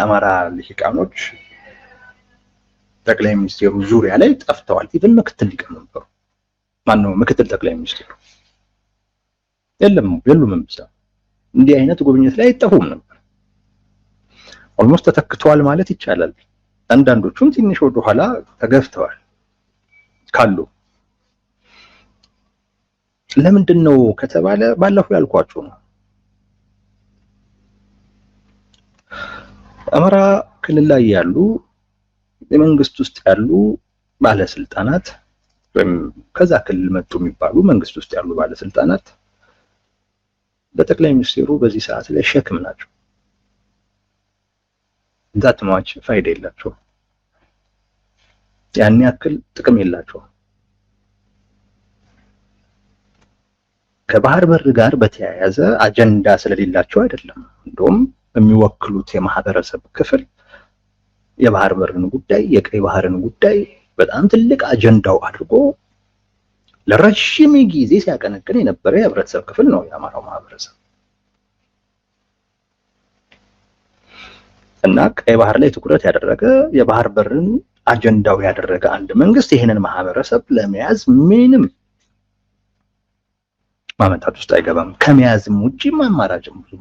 የአማራ ልሂቃኖች ጠቅላይ ሚኒስቴሩ ዙሪያ ላይ ጠፍተዋል። ኢቨን ምክትል ሊቀመንበሩ ማነው? ምክትል ጠቅላይ ሚኒስቴሩ የለም የሉም። እንዲህ አይነት ጉብኝት ላይ አይጠፉም ነበር። ኦልሞስት ተተክተዋል ማለት ይቻላል። አንዳንዶቹም ትንሽ ወደ ኋላ ተገፍተዋል ካሉ ለምንድን ነው ከተባለ ባለፈው ያልኳቸው ነው። አማራ ክልል ላይ ያሉ የመንግስት ውስጥ ያሉ ባለስልጣናት ወይም ከዛ ክልል መጡ የሚባሉ መንግስት ውስጥ ያሉ ባለስልጣናት በጠቅላይ ሚኒስትሩ በዚህ ሰዓት ላይ ሸክም ናቸው። ማች ፋይዳ የላቸው ያን ያክል ጥቅም የላቸው ከባህር በር ጋር በተያያዘ አጀንዳ ስለሌላቸው አይደለም። እንደውም የሚወክሉት የማህበረሰብ ክፍል የባህር በርን ጉዳይ የቀይ ባህርን ጉዳይ በጣም ትልቅ አጀንዳው አድርጎ ለረጅም ጊዜ ሲያቀነቅን የነበረ የህብረተሰብ ክፍል ነው የአማራው ማህበረሰብ። እና ቀይ ባህር ላይ ትኩረት ያደረገ የባህር በርን አጀንዳው ያደረገ አንድ መንግስት ይህንን ማህበረሰብ ለመያዝ ምንም ማመንታት ውስጥ አይገባም። ከመያዝም ውጭ አማራጭም ብዙ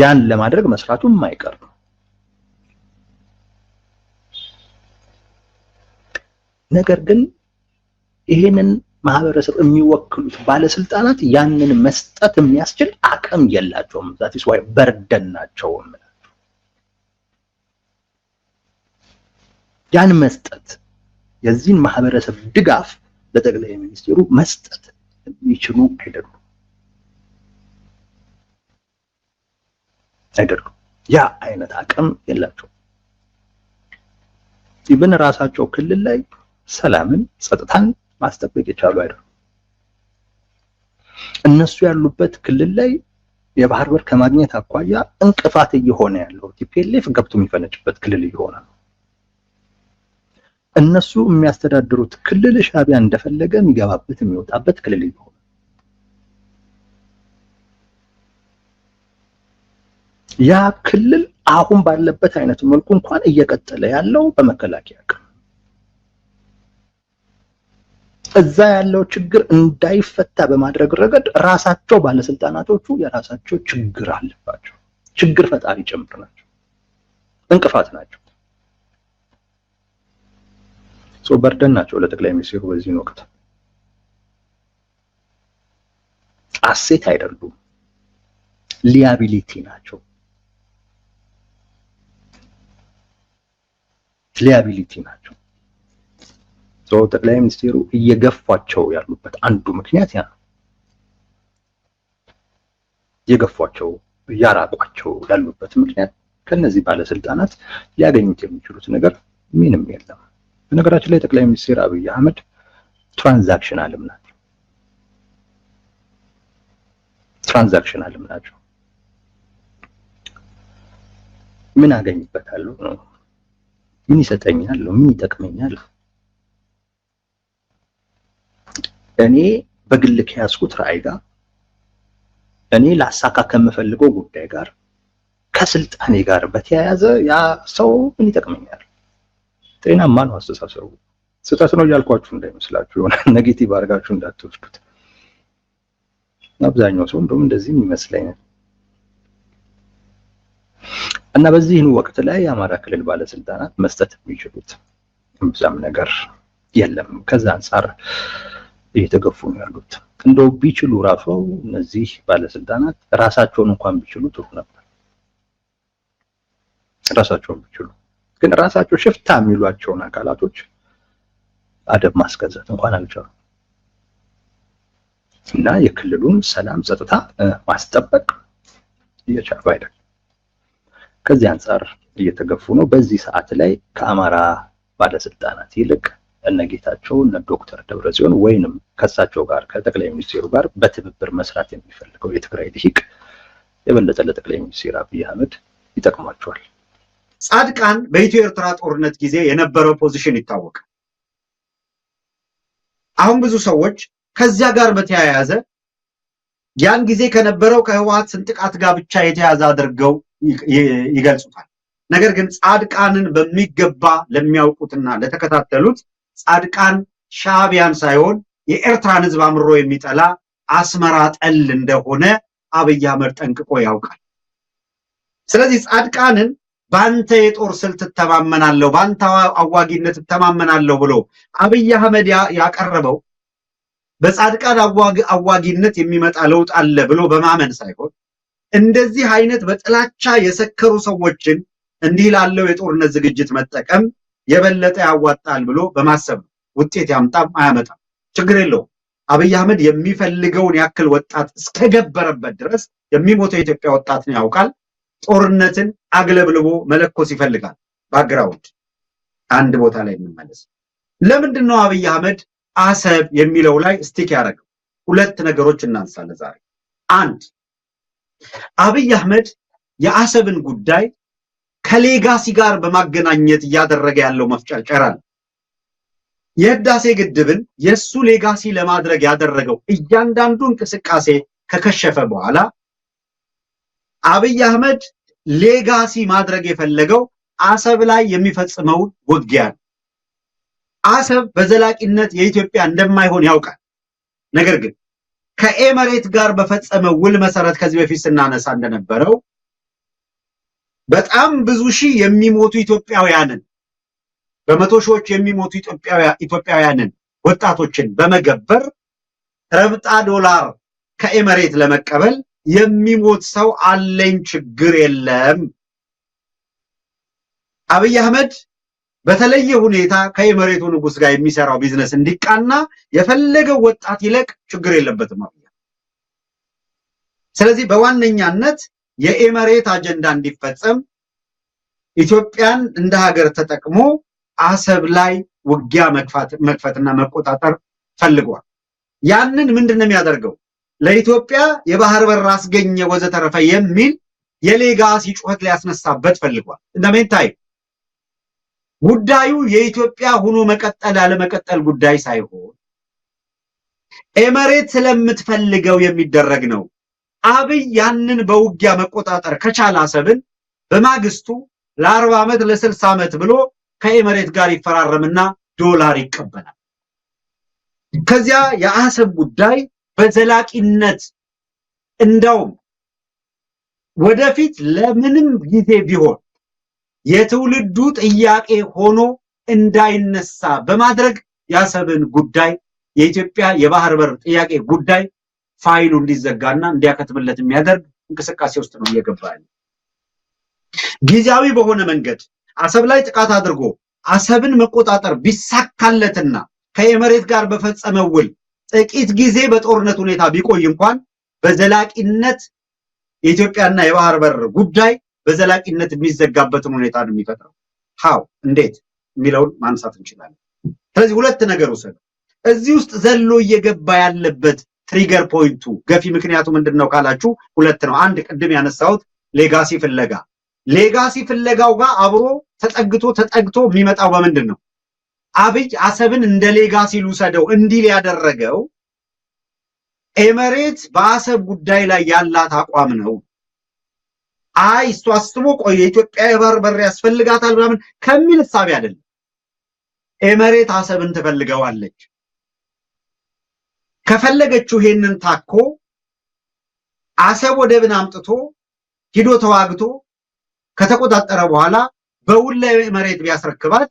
ያን ለማድረግ መስራቱ የማይቀር ነው። ነገር ግን ይሄንን ማህበረሰብ የሚወክሉት ባለስልጣናት ያንን መስጠት የሚያስችል አቅም የላቸውም። ዛት ኢስ ዋይ በርደን ናቸው። ያን መስጠት የዚህን ማህበረሰብ ድጋፍ ለጠቅላይ ሚኒስትሩ መስጠት የሚችሉ አይደሉም። አይደሉም። ያ አይነት አቅም የላቸውም። ኢብን ራሳቸው ክልል ላይ ሰላምን፣ ጸጥታን ማስጠበቅ የቻሉ አይደሉም። እነሱ ያሉበት ክልል ላይ የባህር በር ከማግኘት አኳያ እንቅፋት እየሆነ ያለው ቲፒኤልኤፍ ገብቶ የሚፈነጭበት ክልል እየሆነ ነው። እነሱ የሚያስተዳድሩት ክልል ሻቢያ እንደፈለገ የሚገባበት የሚወጣበት ክልል እየሆነ ያ ክልል አሁን ባለበት አይነት መልኩ እንኳን እየቀጠለ ያለው በመከላከያ ቀን እዛ ያለው ችግር እንዳይፈታ በማድረግ ረገድ ራሳቸው ባለስልጣናቶቹ የራሳቸው ችግር አለባቸው። ችግር ፈጣሪ ጭምር ናቸው፣ እንቅፋት ናቸው፣ በርደን ናቸው ለጠቅላይ ሚኒስትሩ በዚህን ወቅት አሴት አይደሉም፣ ሊያቢሊቲ ናቸው። ሊያቢሊቲ ናቸው። ጠቅላይ ሚኒስትሩ እየገፏቸው ያሉበት አንዱ ምክንያት ያ ነው። እየገፏቸው እያራቋቸው ያሉበት ምክንያት ከነዚህ ባለስልጣናት ሊያገኙት የሚችሉት ነገር ምንም የለም። በነገራችን ላይ ጠቅላይ ሚኒስትር አብይ አህመድ ትራንዛክሽናልም ናቸው። ትራንዛክሽናልም ናቸው። ምን አገኝበታሉ ነው ምን ይሰጠኛል? ምን ይጠቅመኛል? እኔ በግል ከያዝኩት ራዕይ ጋር እኔ ላሳካ ከምፈልገው ጉዳይ ጋር ከስልጣኔ ጋር በተያያዘ ያ ሰው ምን ይጠቅመኛል? ጤናማ ነው አስተሳሰቡ። ስህተት ነው እያልኳችሁ እንዳይመስላችሁ የሆነ ኔጌቲቭ አድርጋችሁ እንዳትወስዱት። አብዛኛው ሰው እንደውም እንደዚህ ይመስለኛል። እና በዚህን ወቅት ላይ የአማራ ክልል ባለስልጣናት መስጠት የሚችሉት እምብዛም ነገር የለም። ከዛ አንጻር እየተገፉ ነው ያሉት። እንደው ቢችሉ ራሱ እነዚህ ባለስልጣናት ራሳቸውን እንኳን ቢችሉ ጥሩ ነበር። ራሳቸውን ቢችሉ ግን ራሳቸው ሽፍታ የሚሏቸውን አካላቶች አደብ ማስገዛት እንኳን አልቻሉም እና የክልሉን ሰላም ጸጥታ ማስጠበቅ እየቻሉ አይደለም። ከዚህ አንጻር እየተገፉ ነው። በዚህ ሰዓት ላይ ከአማራ ባለስልጣናት ይልቅ እነ ጌታቸው እነ ዶክተር ደብረጽዮን ወይንም ከሳቸው ጋር ከጠቅላይ ሚኒስትሩ ጋር በትብብር መስራት የሚፈልገው የትግራይ ልሂቅ የበለጠ ለጠቅላይ ሚኒስትር አብይ አህመድ ይጠቅሟቸዋል። ጻድቃን በኢትዮ ኤርትራ ጦርነት ጊዜ የነበረው ፖዚሽን ይታወቃል። አሁን ብዙ ሰዎች ከዚያ ጋር በተያያዘ ያን ጊዜ ከነበረው ከህወሓት ስንጥቃት ጋር ብቻ የተያዘ አድርገው ይገልጹታል። ነገር ግን ጻድቃንን በሚገባ ለሚያውቁትና ለተከታተሉት ጻድቃን ሻዕቢያን ሳይሆን የኤርትራን ሕዝብ አምሮ የሚጠላ አስመራ ጠል እንደሆነ አብይ አህመድ ጠንቅቆ ያውቃል። ስለዚህ ጻድቃንን በአንተ የጦር ስልት እተማመናለሁ፣ በአንተ አዋጊነት እተማመናለሁ ብሎ አብይ አህመድ ያቀረበው በጻድቃን አዋጊነት የሚመጣ ለውጥ አለ ብሎ በማመን ሳይሆን እንደዚህ አይነት በጥላቻ የሰከሩ ሰዎችን እንዲህ ላለው የጦርነት ዝግጅት መጠቀም የበለጠ ያዋጣል ብሎ በማሰብ ነው። ውጤት ያምጣም አያመጣም ችግር የለውም። አብይ አህመድ የሚፈልገውን ያክል ወጣት እስከገበረበት ድረስ የሚሞተው የኢትዮጵያ ወጣትን ያውቃል። ጦርነትን አግለብልቦ መለኮስ ይፈልጋል። ባግራውንድ አንድ ቦታ ላይ የምንመለስ ለምንድን ነው አብይ አህመድ አሰብ የሚለው ላይ ስቲክ ያደረገው? ሁለት ነገሮች እናንሳለን ዛሬ። አንድ አብይ አህመድ የአሰብን ጉዳይ ከሌጋሲ ጋር በማገናኘት እያደረገ ያለው መፍጨርጨር የህዳሴ ግድብን የእሱ ሌጋሲ ለማድረግ ያደረገው እያንዳንዱ እንቅስቃሴ ከከሸፈ በኋላ አብይ አህመድ ሌጋሲ ማድረግ የፈለገው አሰብ ላይ የሚፈጽመውን ውጊያ ነው። አሰብ በዘላቂነት የኢትዮጵያ እንደማይሆን ያውቃል። ነገር ግን ከኤመሬት ጋር በፈጸመ ውል መሰረት ከዚህ በፊት ስናነሳ እንደነበረው በጣም ብዙ ሺህ የሚሞቱ ኢትዮጵያውያንን በመቶ ሺዎች የሚሞቱ ኢትዮጵያውያንን ወጣቶችን በመገበር ረብጣ ዶላር ከኤመሬት ለመቀበል የሚሞት ሰው አለኝ ችግር የለም አብይ አህመድ በተለየ ሁኔታ ከየመሬቱ ንጉስ ጋር የሚሰራው ቢዝነስ እንዲቃና የፈለገው ወጣት ይለቅ ችግር የለበትም አብይ። ስለዚህ በዋነኛነት የኤመሬት አጀንዳ እንዲፈጸም ኢትዮጵያን እንደ ሀገር ተጠቅሞ አሰብ ላይ ውጊያ መክፈትና መቆጣጠር ፈልጓል። ያንን ምንድን ነው የሚያደርገው? ለኢትዮጵያ የባህር በር አስገኘ ወዘተረፈ የሚል የሌጋሲ ጩኸት ሊያስነሳበት ፈልጓል። እንደምን ታይ ጉዳዩ የኢትዮጵያ ሆኖ መቀጠል አለመቀጠል ጉዳይ ሳይሆን ኤመሬት ስለምትፈልገው የሚደረግ ነው። አብይ ያንን በውጊያ መቆጣጠር ከቻለ አሰብን በማግስቱ ለአርባ ዓመት ለስልሳ ዓመት ብሎ ከኤመሬት ጋር ይፈራረምና ዶላር ይቀበላል። ከዚያ የአሰብ ጉዳይ በዘላቂነት እንደውም ወደፊት ለምንም ጊዜ ቢሆን የትውልዱ ጥያቄ ሆኖ እንዳይነሳ በማድረግ የአሰብን ጉዳይ የኢትዮጵያ የባህር በር ጥያቄ ጉዳይ ፋይሉ እንዲዘጋና እንዲያከትምለት የሚያደርግ እንቅስቃሴ ውስጥ ነው እየገባ ያለ። ጊዜያዊ በሆነ መንገድ አሰብ ላይ ጥቃት አድርጎ አሰብን መቆጣጠር ቢሳካለትና ከኤመሬት ጋር በፈጸመ ውል ጥቂት ጊዜ በጦርነት ሁኔታ ቢቆይ እንኳን በዘላቂነት የኢትዮጵያና የባህር በር ጉዳይ በዘላቂነት የሚዘጋበትን ሁኔታ ነው የሚፈጥረው። ሀው እንዴት የሚለውን ማንሳት እንችላለን። ስለዚህ ሁለት ነገር ውሰዱ። እዚህ ውስጥ ዘሎ እየገባ ያለበት ትሪገር ፖይንቱ ገፊ ምክንያቱ ምንድን ነው ካላችሁ ሁለት ነው። አንድ ቅድም ያነሳሁት ሌጋሲ ፍለጋ፣ ሌጋሲ ፍለጋው ጋር አብሮ ተጠግቶ ተጠግቶ የሚመጣው በምንድን ነው? አብይ አሰብን እንደ ሌጋሲ ልውሰደው እንዲል ያደረገው ኤመሬት በአሰብ ጉዳይ ላይ ያላት አቋም ነው። አይ እሱ አስቦ ቆይ የኢትዮጵያ የባህር በር ያስፈልጋታል ምናምን ከሚል እሳቤ አይደለም። ኤመሬት አሰብን ትፈልገዋለች። ከፈለገችው ይሄንን ታኮ አሰብ ወደብን አምጥቶ ሂዶ ተዋግቶ ከተቆጣጠረ በኋላ በውል ለኤመሬት መሬት ቢያስረክባት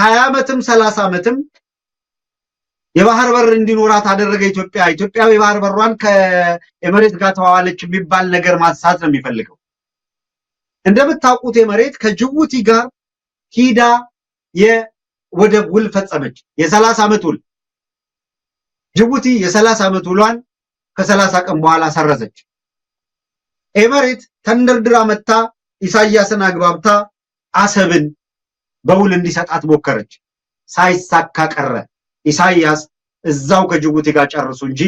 ሀያ ዓመትም ሰላሳ ዓመትም የባህር በር እንዲኖራት አደረገ ኢትዮጵያ። ኢትዮጵያ የባህር በሯን ከኤመሬት ጋር ተዋዋለች የሚባል ነገር ማንሳት ነው የሚፈልገው። እንደምታውቁት የመሬት ከጅቡቲ ጋር ሂዳ የወደብ ውል ፈጸመች። የሰላሳ ዓመት ውል ጅቡቲ የሰላሳ ዓመት ውሏን ከሰላሳ ቀን በኋላ ሰረዘች። ኤመሬት ተንደርድራ መታ ኢሳያስን አግባብታ አሰብን በውል እንዲሰጣት ሞከረች። ሳይሳካ ቀረ። ኢሳያስ እዛው ከጅቡቲ ጋር ጨርሱ እንጂ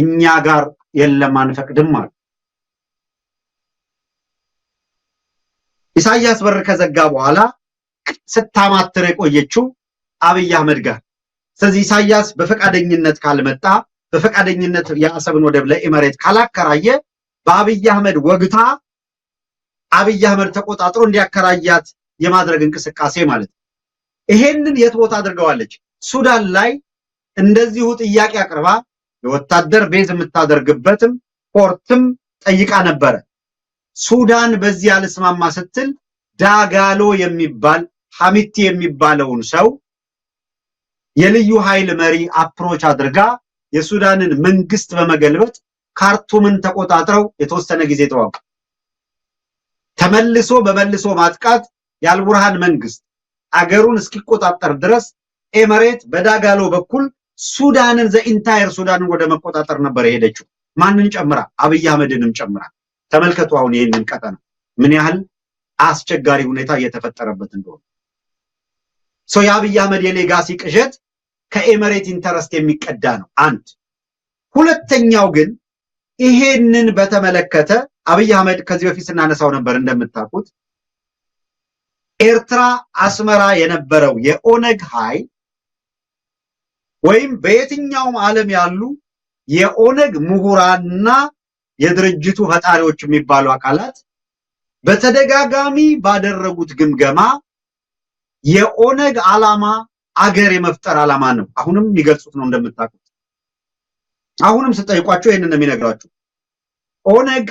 እኛ ጋር የለም አንፈቅድም አሉ። ኢሳያስ በር ከዘጋ በኋላ ስታማትር የቆየችው አብይ አህመድ ጋር። ስለዚህ ኢሳያስ በፈቃደኝነት ካልመጣ በፈቃደኝነት የአሰብን ወደብ ለኤመሬት ካላከራየ በአብይ አህመድ ወግታ አብይ አህመድ ተቆጣጥሮ እንዲያከራያት የማድረግ እንቅስቃሴ ማለት ነው። ይሄንን የት ቦታ አድርገዋለች? ሱዳን ላይ እንደዚሁ ጥያቄ አቅርባ የወታደር ቤዝ የምታደርግበትም ፖርትም ጠይቃ ነበረ። ሱዳን በዚህ አልስማማ ስትል ዳጋሎ የሚባል ሐሚቲ የሚባለውን ሰው የልዩ ኃይል መሪ አፕሮች አድርጋ የሱዳንን መንግስት በመገልበጥ ካርቱምን ተቆጣጥረው የተወሰነ ጊዜ ተዋጉ። ተመልሶ በመልሶ ማጥቃት የአልቡርሃን መንግስት አገሩን እስኪቆጣጠር ድረስ ኤመሬት በዳጋሎ በኩል ሱዳንን ዘኢንታየር ሱዳንን ወደ መቆጣጠር ነበር የሄደችው። ማንን ጨምራ? አብይ አህመድንም ጨምራ። ተመልከቱ አሁን ይህንን ቀጠና ምን ያህል አስቸጋሪ ሁኔታ እየተፈጠረበት እንደሆነ ሰው የአብይ አህመድ የሌጋሲ ቅዠት ከኤመሬት ኢንተረስት የሚቀዳ ነው። አንድ ሁለተኛው ግን ይሄንን በተመለከተ አብይ አህመድ ከዚህ በፊት ስናነሳው ነበር እንደምታውቁት ኤርትራ አስመራ የነበረው የኦነግ ኃይል ወይም በየትኛውም ዓለም ያሉ የኦነግ ምሁራንና የድርጅቱ ፈጣሪዎች የሚባሉ አካላት በተደጋጋሚ ባደረጉት ግምገማ የኦነግ ዓላማ አገር የመፍጠር ዓላማ ነው። አሁንም የሚገልጹት ነው እንደምታውቁት። አሁንም ስጠይቋቸው ይህንን ነው የሚነግራቸው። ኦነግ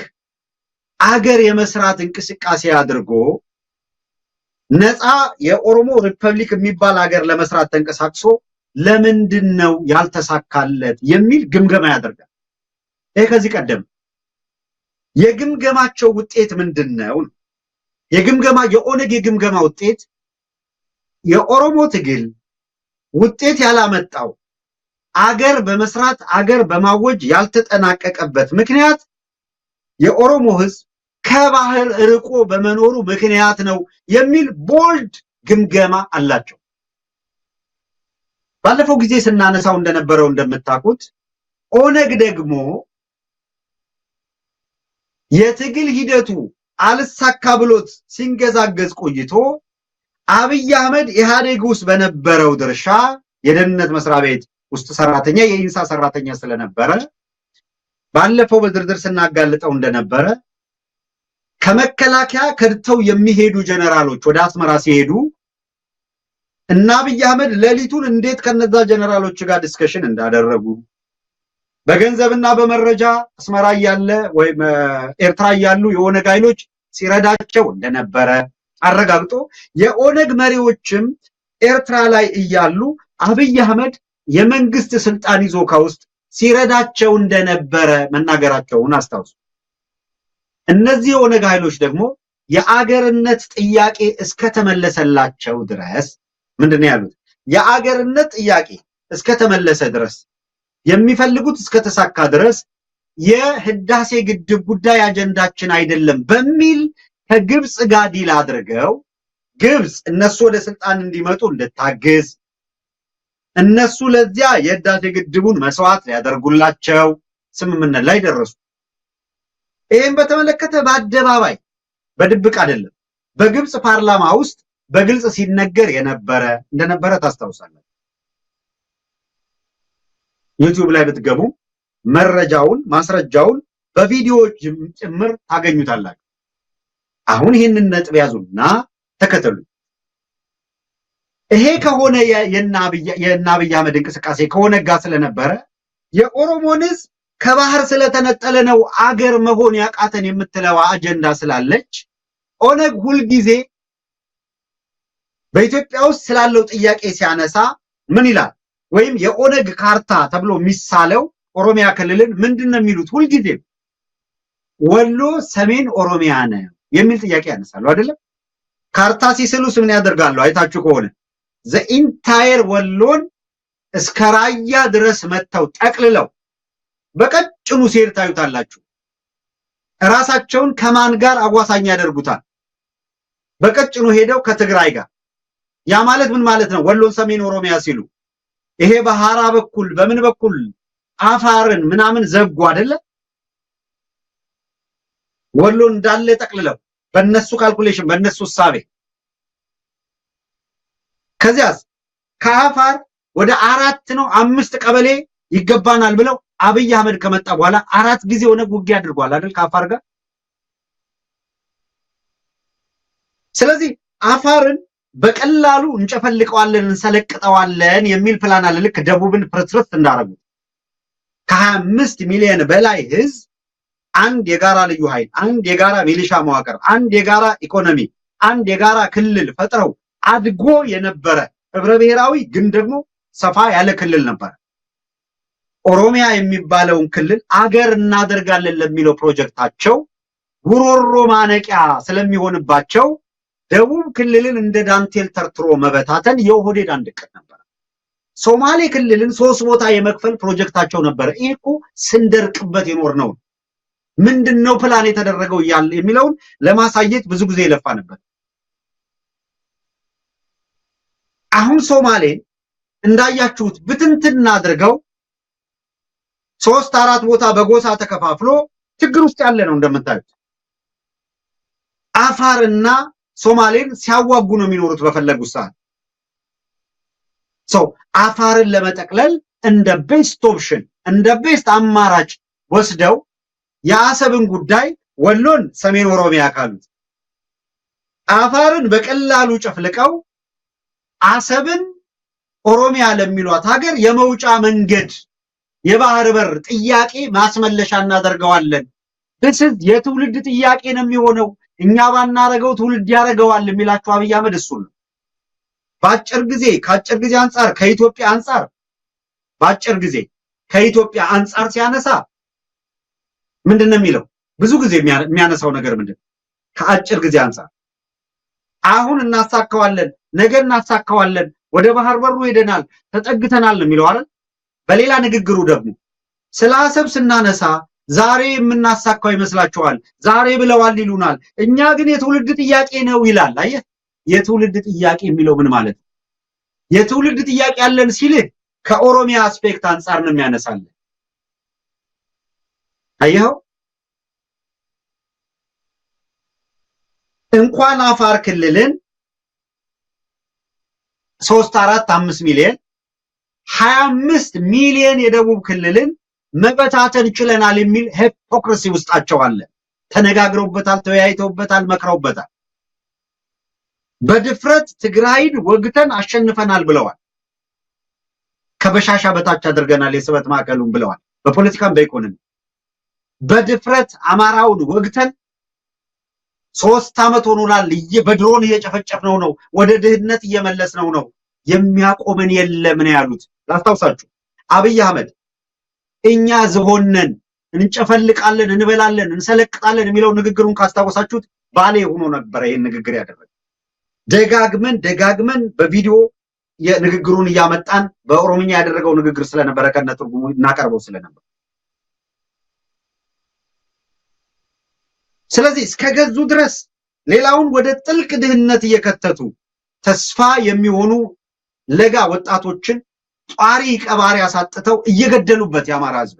አገር የመስራት እንቅስቃሴ አድርጎ ነፃ የኦሮሞ ሪፐብሊክ የሚባል ሀገር ለመስራት ተንቀሳቅሶ ለምንድን ነው ያልተሳካለት የሚል ግምገማ ያደርጋል። ይሄ ከዚህ ቀደም የግምገማቸው ውጤት ምንድን ነው? የግምገማ የኦነግ የግምገማ ውጤት የኦሮሞ ትግል ውጤት ያላመጣው አገር በመስራት አገር በማወጅ ያልተጠናቀቀበት ምክንያት የኦሮሞ ህዝብ ከባህል ርቆ በመኖሩ ምክንያት ነው የሚል ቦልድ ግምገማ አላቸው። ባለፈው ጊዜ ስናነሳው እንደነበረው እንደምታውቁት ኦነግ ደግሞ የትግል ሂደቱ አልሳካ ብሎት ሲንገዛገዝ ቆይቶ አብይ አህመድ ኢህአዴግ ውስጥ በነበረው ድርሻ የደህንነት መስሪያ ቤት ውስጥ ሰራተኛ የኢንሳ ሰራተኛ ስለነበረ ባለፈው በድርድር ስናጋልጠው እንደነበረ ከመከላከያ ከድተው የሚሄዱ ጀነራሎች ወደ አስመራ ሲሄዱ እና አብይ አህመድ ሌሊቱን እንዴት ከነዛ ጀነራሎች ጋር ዲስከሽን እንዳደረጉ በገንዘብና በመረጃ አስመራ እያለ ወይም ኤርትራ እያሉ የኦነግ ኃይሎች ሲረዳቸው እንደነበረ አረጋግጦ የኦነግ መሪዎችም ኤርትራ ላይ እያሉ አብይ አህመድ የመንግስት ስልጣን ይዞ ከውስጥ ሲረዳቸው እንደነበረ መናገራቸውን አስታውሱ። እነዚህ የኦነግ ኃይሎች ደግሞ የአገርነት ጥያቄ እስከተመለሰላቸው ድረስ ምንድን ነው ያሉት? የአገርነት ጥያቄ እስከተመለሰ ድረስ የሚፈልጉት እስከተሳካ ድረስ የህዳሴ ግድብ ጉዳይ አጀንዳችን አይደለም በሚል ከግብፅ ጋር ዲል አድርገው ግብፅ እነሱ ወደ ስልጣን እንዲመጡ እንድታግዝ እነሱ ለዚያ የህዳሴ ግድቡን መስዋዕት ሊያደርጉላቸው ስምምነት ላይ ደረሱ። ይህም በተመለከተ በአደባባይ በድብቅ አይደለም፣ በግብፅ ፓርላማ ውስጥ በግልጽ ሲነገር የነበረ እንደነበረ ታስታውሳለህ። ዩቲዩብ ላይ ብትገቡ መረጃውን ማስረጃውን በቪዲዮዎች ጭምር ታገኙታላችሁ። አሁን ይህንን ነጥብ ያዙና ተከተሉ። ይሄ ከሆነ የእነ አብይ አህመድ እንቅስቃሴ ጋር ስለነበረ የኦሮሞን ከባህር ስለተነጠለ ነው አገር መሆን ያቃተን የምትለዋ አጀንዳ ስላለች ኦነግ ሁልጊዜ በኢትዮጵያ ውስጥ ስላለው ጥያቄ ሲያነሳ ምን ይላል? ወይም የኦነግ ካርታ ተብሎ የሚሳለው ኦሮሚያ ክልልን ምንድን ነው የሚሉት? ሁልጊዜ ወሎ ሰሜን ኦሮሚያ ነው የሚል ጥያቄ ያነሳሉ አይደለም? ካርታ ሲስሉስ ምን ያደርጋሉ? አይታችሁ ከሆነ ዘኢንታየር ወሎን እስከ ራያ ድረስ መጥተው ጠቅልለው በቀጭኑ ሴር ታዩታላችሁ። እራሳቸውን ከማን ጋር አዋሳኝ ያደርጉታል? በቀጭኑ ሄደው ከትግራይ ጋር። ያ ማለት ምን ማለት ነው? ወሎን ሰሜን ኦሮሚያ ሲሉ ይሄ በሐራ በኩል በምን በኩል አፋርን ምናምን ዘጉ አይደለ? ወሎ እንዳለ ጠቅልለው በነሱ ካልኩሌሽን በነሱ እሳቤ ከዚያስ ከአፋር ወደ አራት ነው አምስት ቀበሌ ይገባናል ብለው አብይ አህመድ ከመጣ በኋላ አራት ጊዜ ሆነ ውጊያ አድርጓል አይደል ከአፋር ጋር። ስለዚህ አፋርን በቀላሉ እንጨፈልቀዋለን፣ እንሰለቅጠዋለን የሚል ፕላን አለ። ልክ ደቡብን ፕርትርት እንዳደረጉት ከሀያ አምስት ሚሊዮን በላይ ህዝብ፣ አንድ የጋራ ልዩ ኃይል፣ አንድ የጋራ ሚሊሻ መዋቅር፣ አንድ የጋራ ኢኮኖሚ፣ አንድ የጋራ ክልል ፈጥረው አድጎ የነበረ ህብረ ብሔራዊ ግን ደግሞ ሰፋ ያለ ክልል ነበረ። ኦሮሚያ የሚባለውን ክልል አገር እናደርጋለን ለሚለው ፕሮጀክታቸው ጉሮሮ ማነቂያ ስለሚሆንባቸው ደቡብ ክልልን እንደ ዳንቴል ተርትሮ መበታተን የኦህዴድ አንድ ዕቅድ ነበረ። ሶማሌ ክልልን ሶስት ቦታ የመክፈል ፕሮጀክታቸው ነበረ። ይህ እኮ ስንደርቅበት የኖር ነው። ምንድን ነው ፕላን የተደረገው እያለ የሚለውን ለማሳየት ብዙ ጊዜ ነበር። አሁን ሶማሌን እንዳያችሁት ብትንትን አድርገው ሶስት አራት ቦታ በጎሳ ተከፋፍሎ ችግር ውስጥ ያለ ነው እንደምታዩት አፋርና ሶማሌን ሲያዋጉ ነው የሚኖሩት በፈለጉት ሰዓት። ሰው አፋርን ለመጠቅለል እንደ ቤስት ኦፕሽን እንደ ቤስት አማራጭ ወስደው የአሰብን ጉዳይ ወሎን ሰሜን ኦሮሚያ ካሉት አፋርን በቀላሉ ጨፍልቀው አሰብን ኦሮሚያ ለሚሏት ሀገር የመውጫ መንገድ የባህር በር ጥያቄ ማስመለሻ እናደርገዋለን። ስ የትውልድ ጥያቄ ነው የሚሆነው። እኛ ባናረገው ትውልድ ያደርገዋል የሚላቸው አብይ አህመድ እሱን ነው። በአጭር ጊዜ ከአጭር ጊዜ አንጻር ከኢትዮጵያ አንጻር በአጭር ጊዜ ከኢትዮጵያ አንጻር ሲያነሳ ምንድን ነው የሚለው? ብዙ ጊዜ የሚያነሳው ነገር ምንድን ነው? ከአጭር ጊዜ አንጻር አሁን እናሳካዋለን፣ ነገ እናሳካዋለን፣ ወደ ባህር በሩ ሄደናል፣ ተጠግተናል ነው የሚለው አይደል? በሌላ ንግግሩ ደግሞ ስለ አሰብ ስናነሳ ዛሬ የምናሳካው ይመስላችኋል? ዛሬ ብለዋል ይሉናል። እኛ ግን የትውልድ ጥያቄ ነው ይላል። አየህ፣ የትውልድ ጥያቄ የሚለው ምን ማለት ነው? የትውልድ ጥያቄ ያለን ሲልህ ከኦሮሚያ አስፔክት አንጻር ነው የሚያነሳለን። አየኸው፣ እንኳን አፋር ክልልን ሶስት አራት አምስት ሚሊዮን ሀያ አምስት ሚሊዮን የደቡብ ክልልን መበታተን ችለናል የሚል ሂፖክሪሲ ውስጣቸው አለ። ተነጋግረውበታል፣ ተወያይተውበታል፣ መክረውበታል። በድፍረት ትግራይን ወግተን አሸንፈናል ብለዋል። ከበሻሻ በታች አድርገናል የስበት ማዕከሉን ብለዋል። በፖለቲካም በኢኮኖሚ በድፍረት አማራውን ወግተን ሶስት ዓመት ሆኖናል። በድሮን እየጨፈጨፍነው ነው፣ ወደ ድህነት እየመለስነው ነው፣ የሚያቆመን የለም ነው ያሉት። ላስታውሳችሁ አብይ አህመድ እኛ ዝሆነን እንጨፈልቃለን፣ እንበላለን፣ እንሰለቅጣለን የሚለው ንግግሩን ካስታወሳችሁት ባሌ ሆኖ ነበረ ይህን ንግግር ያደረገ። ደጋግመን ደጋግመን በቪዲዮ ንግግሩን እያመጣን በኦሮምኛ ያደረገው ንግግር ስለነበረ ከነ ትርጉሙ እናቀርበው ስለነበር ስለዚህ እስከገዙ ድረስ ሌላውን ወደ ጥልቅ ድህነት እየከተቱ ተስፋ የሚሆኑ ለጋ ወጣቶችን ጧሪ ቀባሪ አሳጥተው እየገደሉበት የአማራ ህዝብ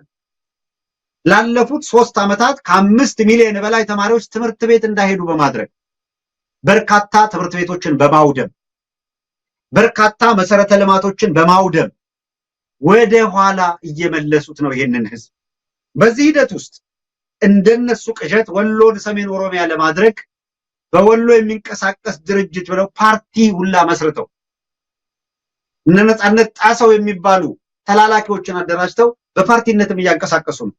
ላለፉት ሶስት ዓመታት ከአምስት ሚሊዮን በላይ ተማሪዎች ትምህርት ቤት እንዳይሄዱ በማድረግ በርካታ ትምህርት ቤቶችን በማውደም በርካታ መሰረተ ልማቶችን በማውደም ወደ ኋላ እየመለሱት ነው ይሄንን ህዝብ። በዚህ ሂደት ውስጥ እንደነሱ ቅዠት ወሎን ሰሜን ኦሮሚያ ለማድረግ በወሎ የሚንቀሳቀስ ድርጅት ብለው ፓርቲ ሁላ መስርተው እነ ጣሰው የሚባሉ ተላላኪዎችን አደራጅተው በፓርቲነትም እያንቀሳቀሱ ነው።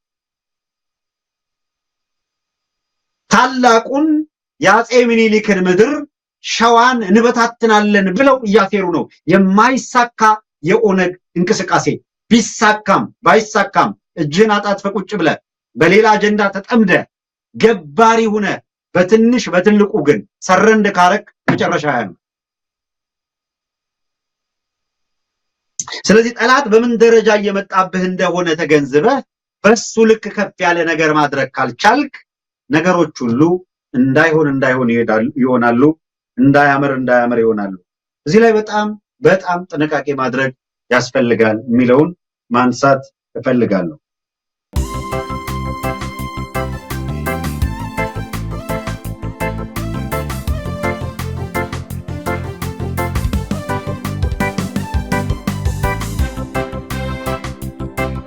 ታላቁን የአጼ ምኒልክን ምድር ሸዋን እንበታትናለን ብለው እያሴሩ ነው። የማይሳካ የኦነግ እንቅስቃሴ ቢሳካም ባይሳካም እጅን አጣጥፈህ ቁጭ ብለ በሌላ አጀንዳ ተጠምደ ገባሪ ሆነ በትንሽ በትልቁ ግን ሰረንድ ካረክ መጨረሻ ነው። ስለዚህ ጠላት በምን ደረጃ እየመጣብህ እንደሆነ ተገንዝበህ በሱ ልክ ከፍ ያለ ነገር ማድረግ ካልቻልክ ነገሮች ሁሉ እንዳይሆን እንዳይሆን ይሆናሉ፣ እንዳያምር እንዳያምር ይሆናሉ። እዚህ ላይ በጣም በጣም ጥንቃቄ ማድረግ ያስፈልጋል የሚለውን ማንሳት እፈልጋለሁ።